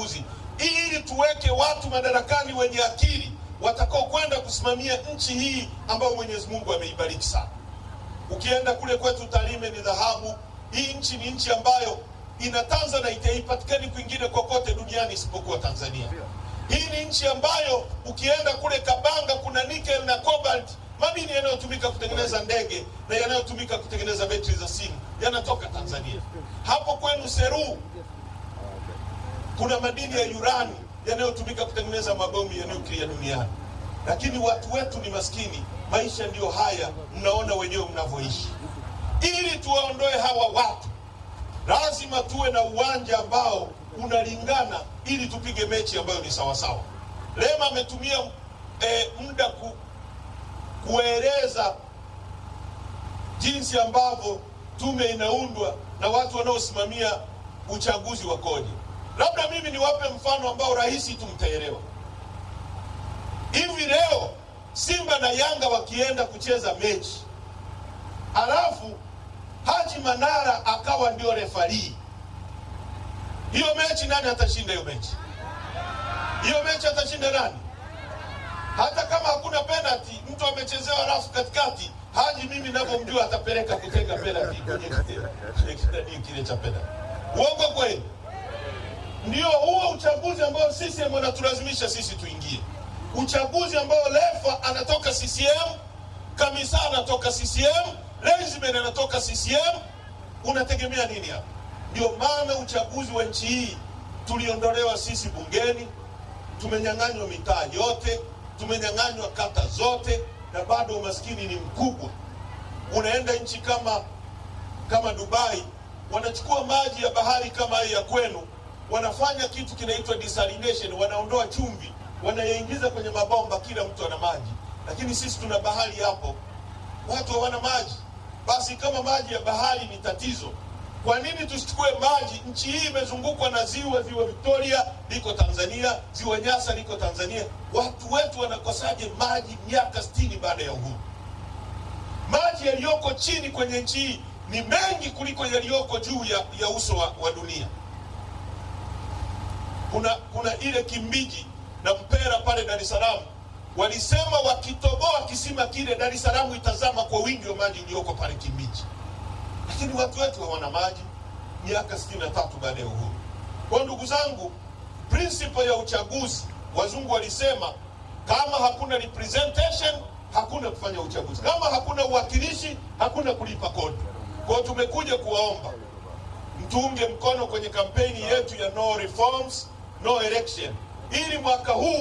uchaguzi ili tuweke watu madarakani wenye akili watakaokwenda kusimamia nchi hii ambayo Mwenyezi Mungu ameibariki sana. Ukienda kule kwetu Tarime ni dhahabu. Hii nchi ni nchi ambayo inatanza na haipatikani kwingine kokote duniani isipokuwa Tanzania. Hii ni nchi ambayo ukienda kule Kabanga kuna nickel na cobalt, madini yanayotumika kutengeneza ndege na yanayotumika kutengeneza betri za simu yanatoka Tanzania. Hapo kwenu Seru kuna madini ya urani yanayotumika kutengeneza mabomu ya nyuklia duniani, lakini watu wetu ni maskini. Maisha ndiyo haya, mnaona wenyewe mnavyoishi. Ili tuwaondoe hawa watu, lazima tuwe na uwanja ambao unalingana, ili tupige mechi ambayo ni sawasawa. Lema ametumia e, muda ku, kueleza jinsi ambavyo tume inaundwa na watu wanaosimamia uchaguzi wa kodi Labda mimi niwape mfano ambao rahisi tu mtaelewa. Hivi leo Simba na Yanga wakienda kucheza mechi, halafu Haji Manara akawa ndio refarii, hiyo mechi nani atashinda? Hiyo mechi hiyo mechi atashinda nani? Hata kama hakuna penalty, mtu amechezewa halafu katikati, Haji mimi navyomjua atapeleka kutenga penalty kwenye kile cha penalty. Uongo kweli? Ndio huo uchaguzi ambao CCM anatulazimisha sisi tuingie, uchaguzi ambao lefa anatoka CCM, Kamisa anatoka CCM, Lensman anatoka CCM. Unategemea nini hapa? Ndio maana uchaguzi wa nchi hii tuliondolewa sisi bungeni, tumenyang'anywa mitaa yote, tumenyang'anywa kata zote, na bado umaskini ni mkubwa. Unaenda nchi kama kama Dubai, wanachukua maji ya bahari kama hii ya kwenu wanafanya kitu kinaitwa desalination, wanaondoa chumvi wanayaingiza kwenye mabomba, kila mtu ana maji. Lakini sisi tuna bahari hapo, watu hawana maji. Basi kama maji ya bahari ni tatizo, kwa nini tusichukue maji? Nchi hii imezungukwa na ziwa, ziwa Victoria liko Tanzania, ziwa Nyasa liko Tanzania. Watu wetu wanakosaje maji miaka sitini baada ya uhuru? Maji yaliyoko chini kwenye nchi hii ni mengi kuliko yaliyoko juu ya, ya uso wa, wa dunia kuna, kuna ile Kimbiji na Mpera pale Dar es Salaam walisema wakitoboa kisima kile Dar es Salaam itazama kwa wingi wa maji iliyoko pale Kimbiji, lakini watu wetu hawana maji miaka sitini na tatu baada ya uhuru. Kwa ndugu zangu, prinsipo ya uchaguzi, wazungu walisema kama hakuna representation hakuna kufanya uchaguzi, kama hakuna uwakilishi hakuna kulipa kodi. Kwa tumekuja kuwaomba mtunge mkono kwenye kampeni yetu ya no reforms no election ili mwaka huu